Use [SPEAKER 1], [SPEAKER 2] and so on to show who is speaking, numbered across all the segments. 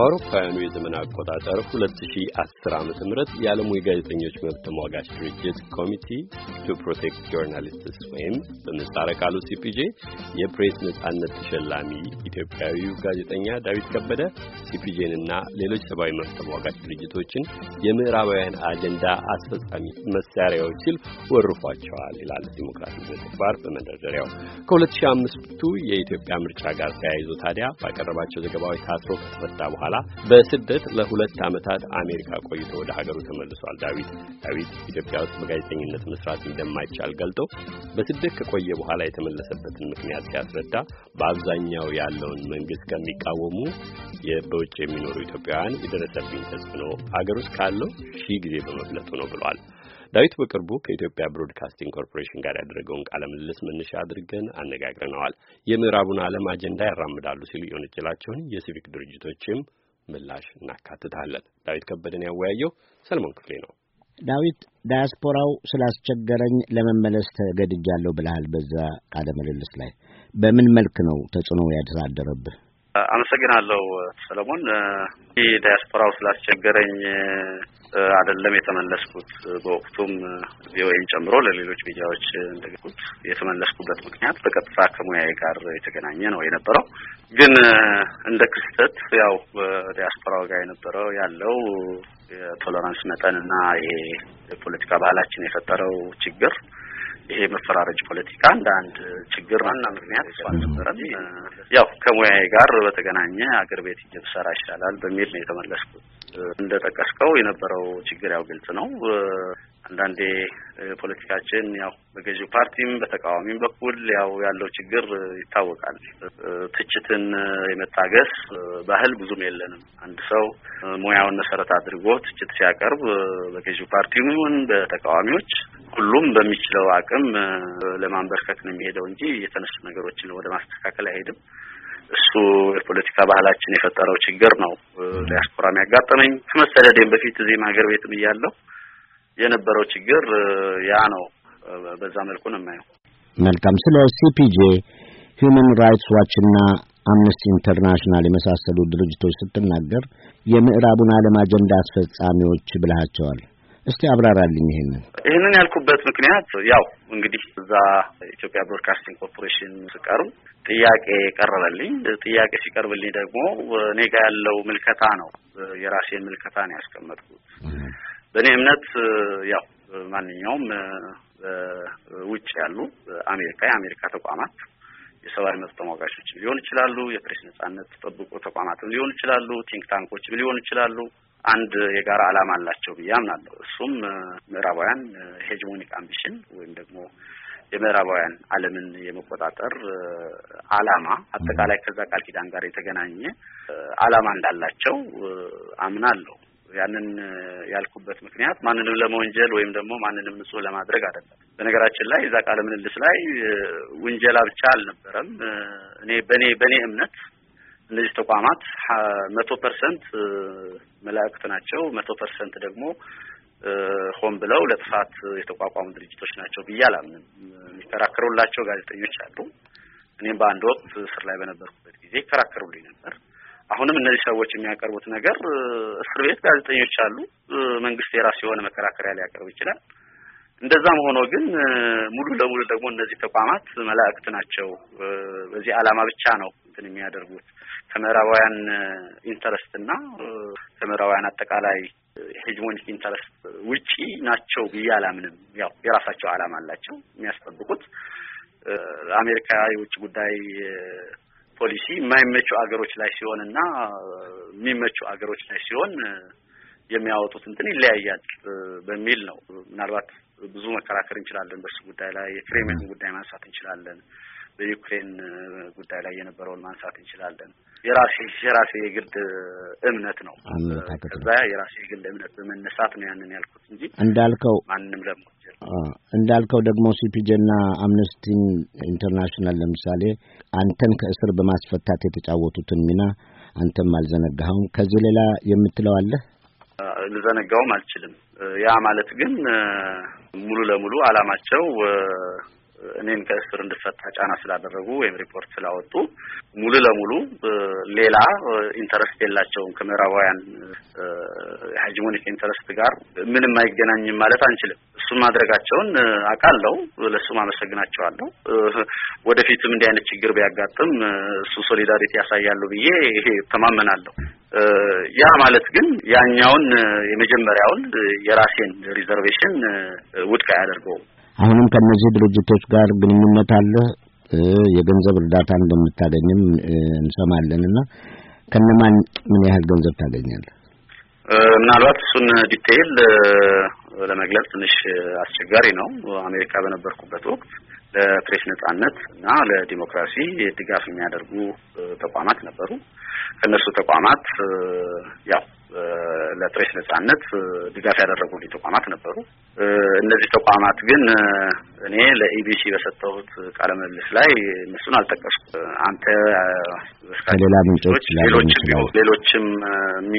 [SPEAKER 1] በአውሮፓውያኑ የዘመን አቆጣጠር 2010 ዓ.ም የዓለሙ የጋዜጠኞች መብት ተሟጋች ድርጅት ኮሚቲ ቱ ፕሮቴክት ጆርናሊስትስ ወይም በምህጻረ ቃሉ ሲፒጄ የፕሬስ ነጻነት ተሸላሚ ኢትዮጵያዊው ጋዜጠኛ ዳዊት ከበደ ሲፒጄንና ሌሎች ሰብአዊ መብት ተሟጋች ድርጅቶችን የምዕራባውያን አጀንዳ አስፈጻሚ መሳሪያዎች ሲል ወርፏቸዋል ይላል ዲሞክራሲ ዘግባር በመንደርደሪያው ከ2005ቱ የኢትዮጵያ ምርጫ ጋር ተያይዞ ታዲያ ባቀረባቸው ዘገባዎች ታስሮ ከተፈታ በኋላ በኋላ በስደት ለሁለት ዓመታት አሜሪካ ቆይቶ ወደ ሀገሩ ተመልሷል። ዳዊት ዳዊት ኢትዮጵያ ውስጥ በጋዜጠኝነት መስራት እንደማይቻል ገልጦ በስደት ከቆየ በኋላ የተመለሰበትን ምክንያት ሲያስረዳ በአብዛኛው ያለውን መንግስት ከሚቃወሙ በውጭ የሚኖሩ ኢትዮጵያውያን የደረሰብኝ ተጽዕኖ ሀገር ውስጥ ካለው ሺህ ጊዜ በመብለጡ ነው ብሏል። ዳዊት በቅርቡ ከኢትዮጵያ ብሮድካስቲንግ ኮርፖሬሽን ጋር ያደረገውን ቃለ ምልልስ መነሻ አድርገን አነጋግረነዋል። የምዕራቡን ዓለም አጀንዳ ያራምዳሉ ሲሉ የወነጀላቸውን የሲቪክ ድርጅቶችም ምላሽ እናካትታለን። ዳዊት ከበደን ያወያየው ሰለሞን ክፍሌ ነው።
[SPEAKER 2] ዳዊት ዳያስፖራው ስላስቸገረኝ ለመመለስ ተገድጃለሁ ብለሃል። በዛ ቃለ ምልልስ ላይ በምን መልክ ነው ተጽዕኖ ያሳደረብህ?
[SPEAKER 3] አመሰግናለሁ ሰለሞን። ይህ ዲያስፖራው ስላስቸገረኝ አይደለም የተመለስኩት። በወቅቱም ቪኦኤን ጨምሮ ለሌሎች ሚዲያዎች እንደገኩት የተመለስኩበት ምክንያት በቀጥታ ከሙያዬ ጋር የተገናኘ ነው የነበረው። ግን እንደ ክስተት ያው በዲያስፖራው ጋር የነበረው ያለው የቶለራንስ መጠን እና ይሄ የፖለቲካ ባህላችን የፈጠረው ችግር ይሄ መፈራረጅ ፖለቲካ እንደ አንድ ችግር ዋና ምክንያት እሱ አልነበረም። ያው ከሙያዬ ጋር በተገናኘ አገር ቤት ብሰራ ይሻላል በሚል ነው የተመለስኩት። እንደጠቀስከው የነበረው ችግር ያው ግልጽ ነው። አንዳንዴ ፖለቲካችን ያው በገዢው ፓርቲም በተቃዋሚም በኩል ያው ያለው ችግር ይታወቃል። ትችትን የመታገስ ባህል ብዙም የለንም። አንድ ሰው ሙያውን መሰረት አድርጎ ትችት ሲያቀርብ በገዢው ፓርቲውም ይሁን በተቃዋሚዎች ሁሉም በሚችለው አቅም ለማንበርከክ ነው የሚሄደው እንጂ የተነሱ ነገሮችን ወደ ማስተካከል አይሄድም። እሱ የፖለቲካ ባህላችን የፈጠረው ችግር ነው። ዲያስፖራም የሚያጋጠመኝ ከመሰደዴም በፊት እዚህም ሀገር ቤትም እያለሁ የነበረው ችግር ያ ነው። በዛ መልኩ ነው የማየው።
[SPEAKER 2] መልካም። ስለ ሲፒጄ ሂዩማን ራይትስ ዋች እና አምነስቲ ኢንተርናሽናል የመሳሰሉ ድርጅቶች ስትናገር የምዕራቡን ዓለም አጀንዳ አስፈጻሚዎች ብልሃቸዋል። እስቲ አብራራልኝ ይሄንን።
[SPEAKER 3] ይህንን ያልኩበት ምክንያት ያው እንግዲህ እዛ ኢትዮጵያ ብሮድካስቲንግ ኮርፖሬሽን ስቀርብ ጥያቄ ቀረበልኝ። ጥያቄ ሲቀርብልኝ ደግሞ እኔ ጋ ያለው ምልከታ ነው፣ የራሴን ምልከታ ነው ያስቀመጥኩት። በእኔ እምነት ያው ማንኛውም ውጭ ያሉ አሜሪካ የአሜሪካ ተቋማት የሰብአዊ መብት ተሟጋቾችም ሊሆን ይችላሉ፣ የፕሬስ ነጻነት ጠብቆ ተቋማትም ሊሆን ይችላሉ፣ ቲንክ ታንኮችም ሊሆን ይችላሉ አንድ የጋራ ዓላማ አላቸው ብዬ አምናለሁ። እሱም ምዕራባውያን ሄጅሞኒክ አምቢሽን ወይም ደግሞ የምዕራባውያን ዓለምን የመቆጣጠር ዓላማ አጠቃላይ ከዛ ቃል ኪዳን ጋር የተገናኘ ዓላማ እንዳላቸው አምናለሁ። ያንን ያልኩበት ምክንያት ማንንም ለመወንጀል ወይም ደግሞ ማንንም ንጹህ ለማድረግ አይደለም። በነገራችን ላይ እዛ ቃለ ምልልስ ላይ ውንጀላ ብቻ አልነበረም። እኔ በኔ በኔ እምነት እነዚህ ተቋማት መቶ ፐርሰንት መላእክት ናቸው፣ መቶ ፐርሰንት ደግሞ ሆን ብለው ለጥፋት የተቋቋሙ ድርጅቶች ናቸው ብዬ አላምንም። የሚከራከሩላቸው ጋዜጠኞች አሉ። እኔም በአንድ ወቅት እስር ላይ በነበርኩበት ጊዜ ይከራከሩልኝ ነበር። አሁንም እነዚህ ሰዎች የሚያቀርቡት ነገር እስር ቤት ጋዜጠኞች አሉ። መንግስት የራሱ የሆነ መከራከሪያ ሊያቀርብ ይችላል። እንደዛም ሆኖ ግን ሙሉ ለሙሉ ደግሞ እነዚህ ተቋማት መላእክት ናቸው። በዚህ ዓላማ ብቻ ነው እንትን የሚያደርጉት ከምዕራባውያን ኢንተረስት እና ከምዕራባውያን አጠቃላይ ሄጅሞኒክ ኢንተረስት ውጪ ናቸው ብዬ አላምንም። ያው የራሳቸው ዓላማ አላቸው የሚያስጠብቁት አሜሪካ የውጭ ጉዳይ ፖሊሲ የማይመቹ አገሮች ላይ ሲሆን እና የሚመቹ አገሮች ላይ ሲሆን የሚያወጡት እንትን ይለያያል በሚል ነው ምናልባት ብዙ መከራከር እንችላለን። በእሱ ጉዳይ ላይ የክሬሚያን ጉዳይ ማንሳት እንችላለን። በዩክሬን ጉዳይ ላይ የነበረውን ማንሳት እንችላለን። የራሴ የራሴ የግድ እምነት ነው። ከዛ የራሴ የግድ እምነት በመነሳት ነው ያንን ያልኩት እንጂ
[SPEAKER 2] እንዳልከው ማንም ለም እንዳልከው ደግሞ ሲፒጄና አምነስቲ ኢንተርናሽናል ለምሳሌ አንተን ከእስር በማስፈታት የተጫወቱትን ሚና አንተም አልዘነጋኸውም። ከዚህ ሌላ የምትለው አለህ?
[SPEAKER 3] ልዘነጋውም አልችልም። ያ ማለት ግን ሙሉ ለሙሉ አላማቸው እኔን ከእስር እንድፈታ ጫና ስላደረጉ ወይም ሪፖርት ስላወጡ ሙሉ ለሙሉ ሌላ ኢንተረስት የላቸውም። ከምዕራባውያን ሃይጅሞኒክ ኢንተረስት ጋር ምንም አይገናኝም ማለት አንችልም። እሱም ማድረጋቸውን አውቃለሁ፣ ለእሱም አመሰግናቸዋለሁ። ወደፊትም እንዲህ አይነት ችግር ቢያጋጥም እሱ ሶሊዳሪቲ ያሳያሉ ብዬ ተማመናለሁ። ያ ማለት ግን ያኛውን የመጀመሪያውን የራሴን ሪዘርቬሽን ውድቅ አያደርገውም።
[SPEAKER 2] አሁንም ከእነዚህ ድርጅቶች ጋር ግንኙነት አለ። የገንዘብ እርዳታ እንደምታገኝም እንሰማለን እና ከነማን ምን ያህል ገንዘብ ታገኛለህ?
[SPEAKER 3] ምናልባት እሱን ዲቴይል ለመግለጽ ትንሽ አስቸጋሪ ነው። አሜሪካ በነበርኩበት ወቅት ለፕሬስ ነጻነት እና ለዲሞክራሲ ድጋፍ የሚያደርጉ ተቋማት ነበሩ። ከእነሱ ተቋማት ያው ለፕሬስ ነጻነት ድጋፍ ያደረጉልኝ ተቋማት ነበሩ። እነዚህ ተቋማት ግን እኔ ለኢቢሲ በሰጠሁት ቃለ ምልልስ ላይ እነሱን አልጠቀስኩም። አንተ
[SPEAKER 2] ከሌላ ምንጮች ሌሎችም
[SPEAKER 3] ሌሎችም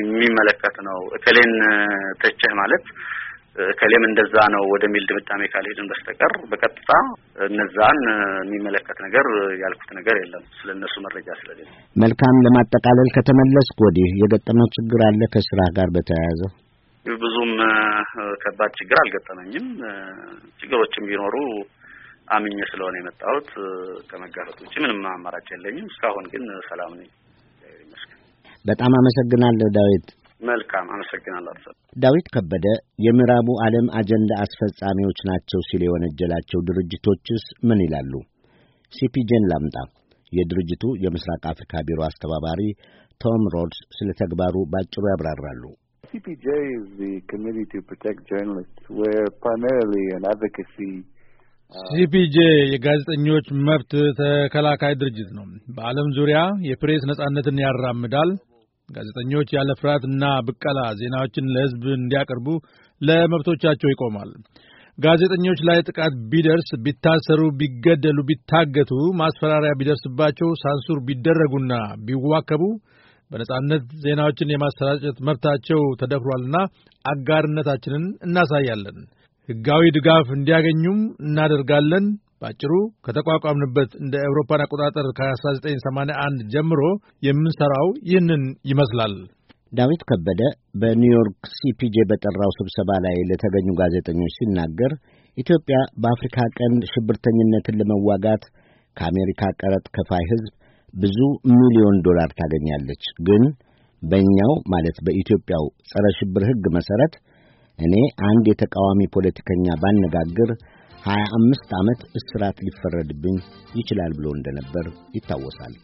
[SPEAKER 3] የሚመለከት ነው እከሌን ተቸህ ማለት ከሌም እንደዛ ነው ወደሚል ድምዳሜ ካልሄድን በስተቀር በቀጥታ እነዛን የሚመለከት ነገር ያልኩት ነገር የለም፣ ስለነሱ መረጃ ስለሌለ።
[SPEAKER 2] መልካም። ለማጠቃለል ከተመለስኩ ወዲህ የገጠመው ችግር አለ ከስራ ጋር በተያያዘ?
[SPEAKER 3] ብዙም ከባድ ችግር አልገጠመኝም። ችግሮችም ቢኖሩ አምኜ ስለሆነ የመጣሁት ከመጋፈጥ ውጭ ምንም አማራጭ የለኝም። እስካሁን ግን ሰላም ነኝ።
[SPEAKER 2] በጣም አመሰግናለሁ ዳዊት።
[SPEAKER 3] መልካም አመሰግናለሁ።
[SPEAKER 2] ዳዊት ከበደ የምዕራቡ ዓለም አጀንዳ አስፈጻሚዎች ናቸው ሲል የወነጀላቸው ድርጅቶችስ ምን ይላሉ? ሲፒጄን ላምጣ። የድርጅቱ የምስራቅ አፍሪካ ቢሮ አስተባባሪ ቶም ሮድስ ስለ ተግባሩ ባጭሩ ያብራራሉ።
[SPEAKER 3] ሲፒጄ
[SPEAKER 1] uh, የጋዜጠኞች መብት ተከላካይ ድርጅት ነው። በዓለም ዙሪያ የፕሬስ ነጻነትን ያራምዳል ጋዜጠኞች ያለ ፍርሃትና ብቀላ ዜናዎችን ለሕዝብ እንዲያቀርቡ ለመብቶቻቸው ይቆማል። ጋዜጠኞች ላይ ጥቃት ቢደርስ፣ ቢታሰሩ፣ ቢገደሉ፣ ቢታገቱ፣ ማስፈራሪያ ቢደርስባቸው፣ ሳንሱር ቢደረጉና ቢዋከቡ በነጻነት ዜናዎችን የማሰራጨት መብታቸው ተደፍሯልና አጋርነታችንን እናሳያለን። ሕጋዊ ድጋፍ እንዲያገኙም እናደርጋለን። በአጭሩ ከተቋቋምንበት እንደ ኤውሮፓን አቆጣጠር ከ1981 ጀምሮ የምንሠራው ይህንን ይመስላል።
[SPEAKER 2] ዳዊት ከበደ በኒውዮርክ ሲፒጄ በጠራው ስብሰባ ላይ ለተገኙ ጋዜጠኞች ሲናገር ኢትዮጵያ በአፍሪካ ቀንድ ሽብርተኝነትን ለመዋጋት ከአሜሪካ ቀረጥ ከፋይ ሕዝብ ብዙ ሚሊዮን ዶላር ታገኛለች። ግን በእኛው ማለት በኢትዮጵያው ጸረ ሽብር ሕግ መሠረት እኔ አንድ የተቃዋሚ ፖለቲከኛ ባነጋግር ሀያ አምስት ዓመት እስራት ሊፈረድብኝ ይችላል ብሎ እንደነበር ይታወሳል።